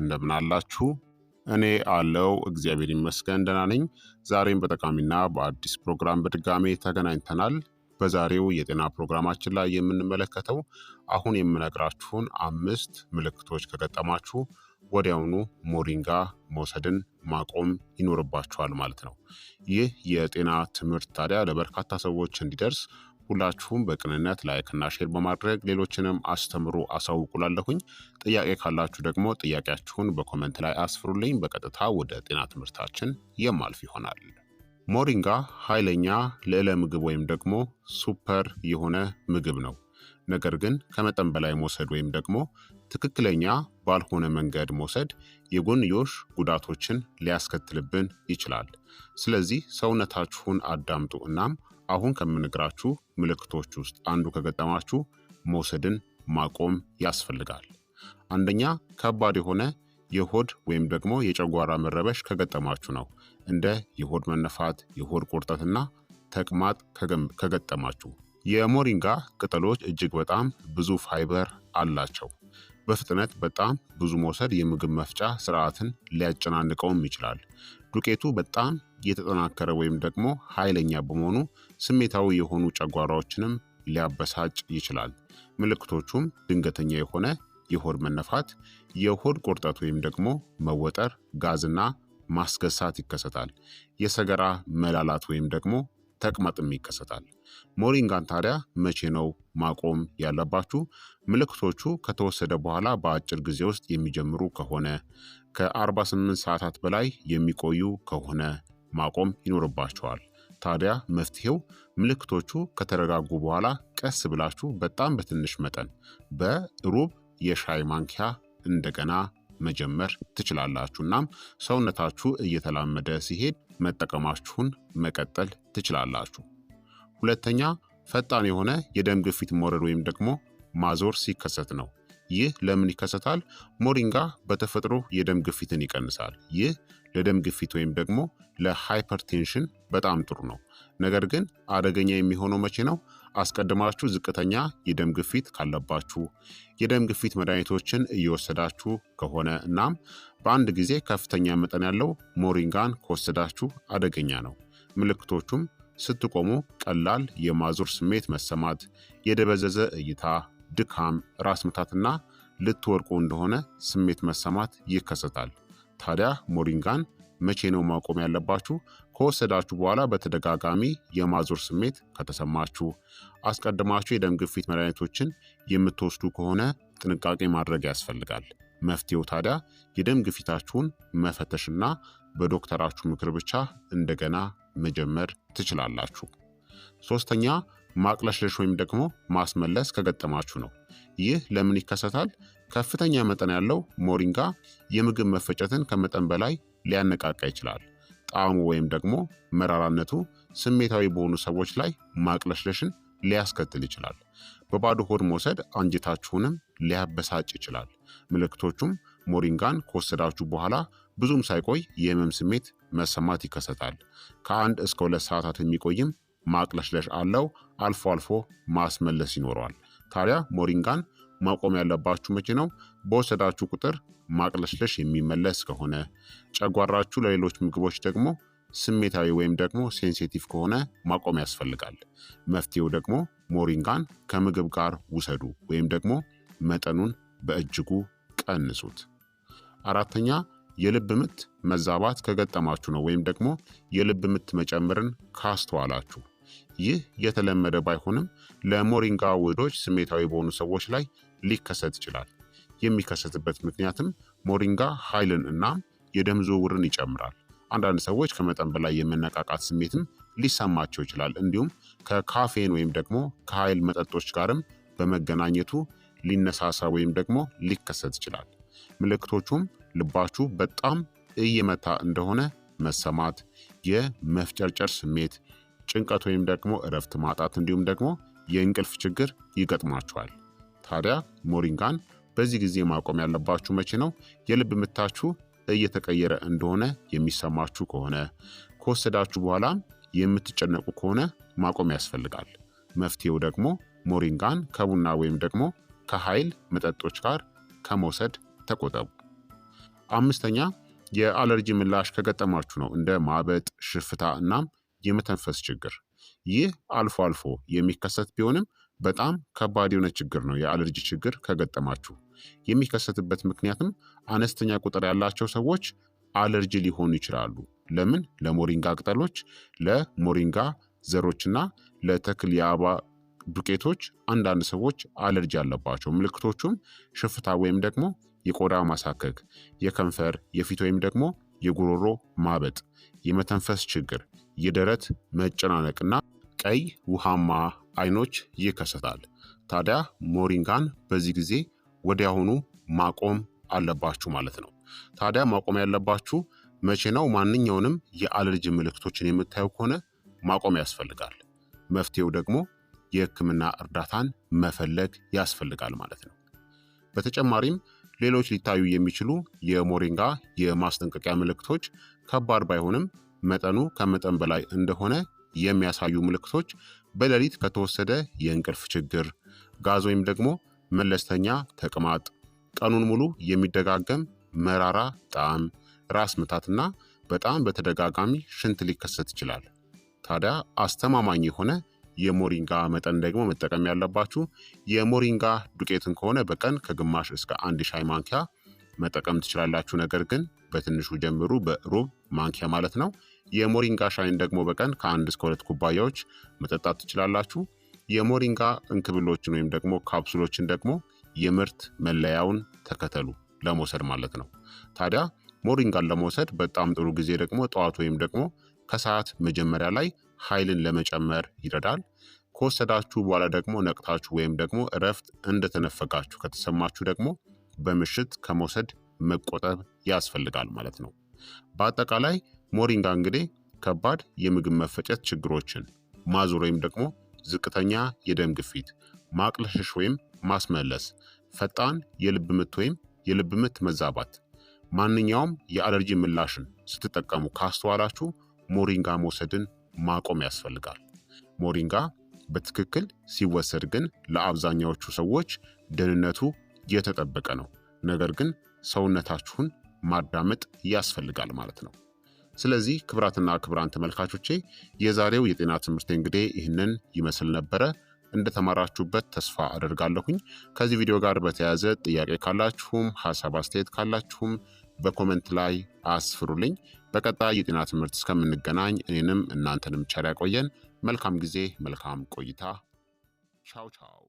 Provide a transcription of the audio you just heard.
እንደምናላችሁ እኔ አለው እግዚአብሔር ይመስገን ደህና ነኝ። ዛሬም በጠቃሚና በአዲስ ፕሮግራም በድጋሜ ተገናኝተናል። በዛሬው የጤና ፕሮግራማችን ላይ የምንመለከተው አሁን የምነግራችሁን አምስት ምልክቶች ከገጠማችሁ ወዲያውኑ ሞሪንጋ መውሰድን ማቆም ይኖርባችኋል ማለት ነው። ይህ የጤና ትምህርት ታዲያ ለበርካታ ሰዎች እንዲደርስ ሁላችሁም በቅንነት ላይክና ሼር በማድረግ ሌሎችንም አስተምሩ አሳውቁላለሁኝ። ጥያቄ ካላችሁ ደግሞ ጥያቄያችሁን በኮመንት ላይ አስፍሩልኝ። በቀጥታ ወደ ጤና ትምህርታችን የማልፍ ይሆናል። ሞሪንጋ ኃይለኛ ልዕለ ምግብ ወይም ደግሞ ሱፐር የሆነ ምግብ ነው። ነገር ግን ከመጠን በላይ መውሰድ ወይም ደግሞ ትክክለኛ ባልሆነ መንገድ መውሰድ የጎንዮሽ ጉዳቶችን ሊያስከትልብን ይችላል። ስለዚህ ሰውነታችሁን አዳምጡ እናም አሁን ከምነግራችሁ ምልክቶች ውስጥ አንዱ ከገጠማችሁ መውሰድን ማቆም ያስፈልጋል። አንደኛ ከባድ የሆነ የሆድ ወይም ደግሞ የጨጓራ መረበሽ ከገጠማችሁ ነው። እንደ የሆድ መነፋት፣ የሆድ ቁርጠትና ተቅማጥ ከገጠማችሁ የሞሪንጋ ቅጠሎች እጅግ በጣም ብዙ ፋይበር አላቸው። በፍጥነት በጣም ብዙ መውሰድ የምግብ መፍጫ ስርዓትን ሊያጨናንቀውም ይችላል። ዱቄቱ በጣም የተጠናከረ ወይም ደግሞ ኃይለኛ በመሆኑ ስሜታዊ የሆኑ ጨጓራዎችንም ሊያበሳጭ ይችላል። ምልክቶቹም ድንገተኛ የሆነ የሆድ መነፋት፣ የሆድ ቁርጠት ወይም ደግሞ መወጠር፣ ጋዝና ማስገሳት ይከሰታል። የሰገራ መላላት ወይም ደግሞ ተቅማጥም ይከሰታል። ሞሪንጋን ታዲያ መቼ ነው ማቆም ያለባችሁ? ምልክቶቹ ከተወሰደ በኋላ በአጭር ጊዜ ውስጥ የሚጀምሩ ከሆነ ከ48 ሰዓታት በላይ የሚቆዩ ከሆነ ማቆም ይኖርባቸዋል። ታዲያ መፍትሄው ምልክቶቹ ከተረጋጉ በኋላ ቀስ ብላችሁ በጣም በትንሽ መጠን በሩብ የሻይ ማንኪያ እንደገና መጀመር ትችላላችሁ። እናም ሰውነታችሁ እየተላመደ ሲሄድ መጠቀማችሁን መቀጠል ትችላላችሁ። ሁለተኛ ፈጣን የሆነ የደም ግፊት መውረድ ወይም ደግሞ ማዞር ሲከሰት ነው። ይህ ለምን ይከሰታል? ሞሪንጋ በተፈጥሮ የደም ግፊትን ይቀንሳል። ይህ ለደም ግፊት ወይም ደግሞ ለሃይፐርቴንሽን በጣም ጥሩ ነው። ነገር ግን አደገኛ የሚሆነው መቼ ነው? አስቀድማችሁ ዝቅተኛ የደም ግፊት ካለባችሁ፣ የደም ግፊት መድኃኒቶችን እየወሰዳችሁ ከሆነ እናም በአንድ ጊዜ ከፍተኛ መጠን ያለው ሞሪንጋን ከወሰዳችሁ አደገኛ ነው። ምልክቶቹም ስትቆሙ ቀላል የማዞር ስሜት መሰማት፣ የደበዘዘ እይታ፣ ድካም፣ ራስ ምታትና ልትወርቁ እንደሆነ ስሜት መሰማት ይከሰታል። ታዲያ ሞሪንጋን መቼ ነው ማቆም ያለባችሁ? ከወሰዳችሁ በኋላ በተደጋጋሚ የማዞር ስሜት ከተሰማችሁ፣ አስቀድማችሁ የደም ግፊት መድኃኒቶችን የምትወስዱ ከሆነ ጥንቃቄ ማድረግ ያስፈልጋል። መፍትሄው ታዲያ የደም ግፊታችሁን መፈተሽና በዶክተራችሁ ምክር ብቻ እንደገና መጀመር ትችላላችሁ። ሶስተኛ ማቅለሽለሽ ወይም ደግሞ ማስመለስ ከገጠማችሁ ነው። ይህ ለምን ይከሰታል? ከፍተኛ መጠን ያለው ሞሪንጋ የምግብ መፈጨትን ከመጠን በላይ ሊያነቃቃ ይችላል። ጣዕሙ ወይም ደግሞ መራራነቱ ስሜታዊ በሆኑ ሰዎች ላይ ማቅለሽለሽን ሊያስከትል ይችላል። በባዶ ሆድ መውሰድ አንጀታችሁንም ሊያበሳጭ ይችላል። ምልክቶቹም ሞሪንጋን ከወሰዳችሁ በኋላ ብዙም ሳይቆይ የህመም ስሜት መሰማት ይከሰታል። ከአንድ እስከ ሁለት ሰዓታት የሚቆይም ማቅለሽለሽ አለው። አልፎ አልፎ ማስመለስ ይኖረዋል። ታዲያ ሞሪንጋን ማቆም ያለባችሁ መቼ ነው? በወሰዳችሁ ቁጥር ማቅለሽለሽ የሚመለስ ከሆነ፣ ጨጓራችሁ ለሌሎች ምግቦች ደግሞ ስሜታዊ ወይም ደግሞ ሴንሲቲቭ ከሆነ ማቆም ያስፈልጋል። መፍትሄው ደግሞ ሞሪንጋን ከምግብ ጋር ውሰዱ ወይም ደግሞ መጠኑን በእጅጉ ቀንሱት። አራተኛ የልብ ምት መዛባት ከገጠማችሁ ነው ወይም ደግሞ የልብ ምት መጨመርን ካስተዋላችሁ ይህ የተለመደ ባይሆንም ለሞሪንጋ ውህዶች ስሜታዊ በሆኑ ሰዎች ላይ ሊከሰት ይችላል። የሚከሰትበት ምክንያትም ሞሪንጋ ኃይልን እናም የደም ዝውውርን ይጨምራል። አንዳንድ ሰዎች ከመጠን በላይ የመነቃቃት ስሜትም ሊሰማቸው ይችላል። እንዲሁም ከካፌን ወይም ደግሞ ከኃይል መጠጦች ጋርም በመገናኘቱ ሊነሳሳ ወይም ደግሞ ሊከሰት ይችላል። ምልክቶቹም ልባችሁ በጣም እየመታ እንደሆነ መሰማት፣ የመፍጨርጨር ስሜት፣ ጭንቀት ወይም ደግሞ እረፍት ማጣት እንዲሁም ደግሞ የእንቅልፍ ችግር ይገጥማችኋል። ታዲያ ሞሪንጋን በዚህ ጊዜ ማቆም ያለባችሁ መቼ ነው? የልብ ምታችሁ እየተቀየረ እንደሆነ የሚሰማችሁ ከሆነ፣ ከወሰዳችሁ በኋላም የምትጨነቁ ከሆነ ማቆም ያስፈልጋል። መፍትሄው ደግሞ ሞሪንጋን ከቡና ወይም ደግሞ ከኃይል መጠጦች ጋር ከመውሰድ ተቆጠቡ። አምስተኛ የአለርጂ ምላሽ ከገጠማችሁ ነው። እንደ ማበጥ፣ ሽፍታ እናም የመተንፈስ ችግር። ይህ አልፎ አልፎ የሚከሰት ቢሆንም በጣም ከባድ የሆነ ችግር ነው። የአለርጂ ችግር ከገጠማችሁ የሚከሰትበት ምክንያትም አነስተኛ ቁጥር ያላቸው ሰዎች አለርጂ ሊሆኑ ይችላሉ። ለምን? ለሞሪንጋ ቅጠሎች፣ ለሞሪንጋ ዘሮችና ለተክል የአበባ ዱቄቶች አንዳንድ ሰዎች አለርጂ አለባቸው። ምልክቶቹም ሽፍታ ወይም ደግሞ የቆዳ ማሳከክ፣ የከንፈር፣ የፊት ወይም ደግሞ የጉሮሮ ማበጥ፣ የመተንፈስ ችግር፣ የደረት መጨናነቅና ቀይ ውሃማ አይኖች ይከሰታል። ታዲያ ሞሪንጋን በዚህ ጊዜ ወዲያውኑ ማቆም አለባችሁ ማለት ነው። ታዲያ ማቆም ያለባችሁ መቼ ነው? ማንኛውንም የአለርጂ ምልክቶችን የምታዩ ከሆነ ማቆም ያስፈልጋል። መፍትሄው ደግሞ የህክምና እርዳታን መፈለግ ያስፈልጋል ማለት ነው። በተጨማሪም ሌሎች ሊታዩ የሚችሉ የሞሪንጋ የማስጠንቀቂያ ምልክቶች ከባድ ባይሆንም መጠኑ ከመጠን በላይ እንደሆነ የሚያሳዩ ምልክቶች በሌሊት ከተወሰደ የእንቅልፍ ችግር፣ ጋዝ ወይም ደግሞ መለስተኛ ተቅማጥ፣ ቀኑን ሙሉ የሚደጋገም መራራ ጣዕም፣ ራስ ምታትና በጣም በተደጋጋሚ ሽንት ሊከሰት ይችላል። ታዲያ አስተማማኝ የሆነ የሞሪንጋ መጠን ደግሞ መጠቀም ያለባችሁ የሞሪንጋ ዱቄትን ከሆነ በቀን ከግማሽ እስከ አንድ ሻይ ማንኪያ መጠቀም ትችላላችሁ። ነገር ግን በትንሹ ጀምሩ፣ በሩብ ማንኪያ ማለት ነው። የሞሪንጋ ሻይን ደግሞ በቀን ከአንድ እስከ ሁለት ኩባያዎች መጠጣት ትችላላችሁ። የሞሪንጋ እንክብሎችን ወይም ደግሞ ካፕሱሎችን ደግሞ የምርት መለያውን ተከተሉ ለመውሰድ ማለት ነው። ታዲያ ሞሪንጋን ለመውሰድ በጣም ጥሩ ጊዜ ደግሞ ጠዋት ወይም ደግሞ ከሰዓት መጀመሪያ ላይ ኃይልን ለመጨመር ይረዳል። ከወሰዳችሁ በኋላ ደግሞ ነቅታችሁ ወይም ደግሞ እረፍት እንደተነፈጋችሁ ከተሰማችሁ ደግሞ በምሽት ከመውሰድ መቆጠብ ያስፈልጋል ማለት ነው። በአጠቃላይ ሞሪንጋ እንግዲህ ከባድ የምግብ መፈጨት ችግሮችን ማዞር ወይም ደግሞ ዝቅተኛ የደም ግፊት፣ ማቅለሽሽ ወይም ማስመለስ፣ ፈጣን የልብ ምት ወይም የልብ ምት መዛባት፣ ማንኛውም የአለርጂ ምላሽን ስትጠቀሙ ካስተዋላችሁ ሞሪንጋ መውሰድን ማቆም ያስፈልጋል። ሞሪንጋ በትክክል ሲወሰድ ግን ለአብዛኛዎቹ ሰዎች ደህንነቱ የተጠበቀ ነው። ነገር ግን ሰውነታችሁን ማዳመጥ ያስፈልጋል ማለት ነው። ስለዚህ ክብራትና ክብራን ተመልካቾቼ የዛሬው የጤና ትምህርት እንግዲህ ይህንን ይመስል ነበረ። እንደተማራችሁበት ተስፋ አደርጋለሁኝ። ከዚህ ቪዲዮ ጋር በተያያዘ ጥያቄ ካላችሁም ሀሳብ አስተያየት ካላችሁም በኮመንት ላይ አስፍሩልኝ። በቀጣይ የጤና ትምህርት እስከምንገናኝ እኔንም እናንተንም ቸር ያቆየን። መልካም ጊዜ፣ መልካም ቆይታ። ቻው ቻው።